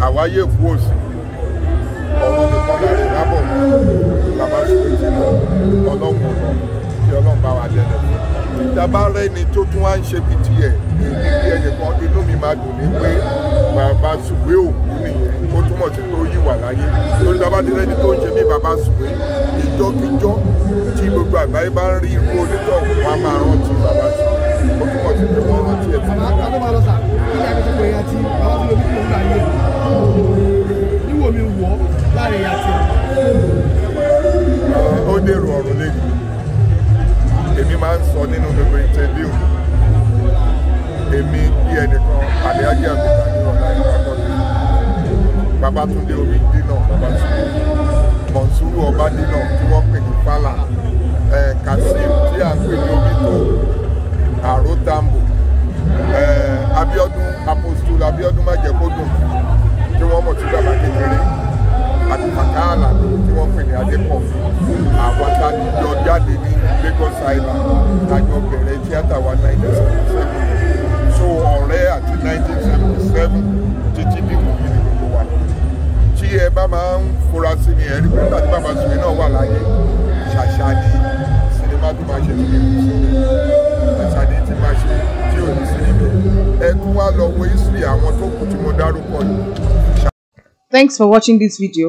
àwáyé kú òsì ọ̀run nìkan láti lábọ̀ bàbá ṣùgbọ́n ọlọ́run ọ̀rọ̀ kí ọlọ́run bá wa dẹ́nu ìjàmbá rẹ ni tó tún wá ń ṣe bí tiẹ̀ èyí ẹnìkan inú mi máa dùn ní pé bàbá ṣùgbọ́n òkú nìyẹn ó túmọ̀ sí tó yí wà láyé lórí bàbá ti rẹ́ni tó ń ṣe bí bàbá ṣùgbọ́n ìjọkíjọ́ tí gbogbo àgbáyé bá ń rí irú onítọ̀ wọn máa rántí bàbá ṣùgbọ́n ó túmọ̀ sí pé wọ́n rántí ẹ̀ rẹ̀ yàtọ̀. ó dèrò ọ̀run lẹ́nu èmi máa ń sọ nínú gbogbo ìtẹ́bíù èmi bí ẹnìkan àlẹ́ájẹ́ àgùntàn ní ọ̀la ìlú akọ́jú Babátúndé omi dínà Babátúndé Mọ̀nsúrù ọba dínà tí wọ́n pè ní Fálà Kasim tí a pè ní omi tó Àró Tambo Abíọ́dún Apostol Abíọ́dún májẹ̀kódùn tí wọ́n mọ̀ sí bàbá kékeré. Akala tí wọ́n pè ní Adékọ̀fù àwọn àtàlùjọ jáde ní Lagos Island lájọ bẹ̀rẹ̀ tíátà wa nineteen seventy seven so ọ̀rẹ́ àti nineteen seventy seven títí bí wọ́n yìí gbogbo wa tí ẹ bá máa ń fura sí ni ẹ rí pé láti bàbá sùnmí náà wà láyé ṣàṣà ni sinimá tó máa ṣe níbi ìṣẹ̀lẹ̀ ṣàṣà ni ti máa ṣe tí ò ní sí níbẹ̀ ẹ tún wá lọ wo history àwọn tó kù tí mo dárúkọ yìí. Thanks for watching this video.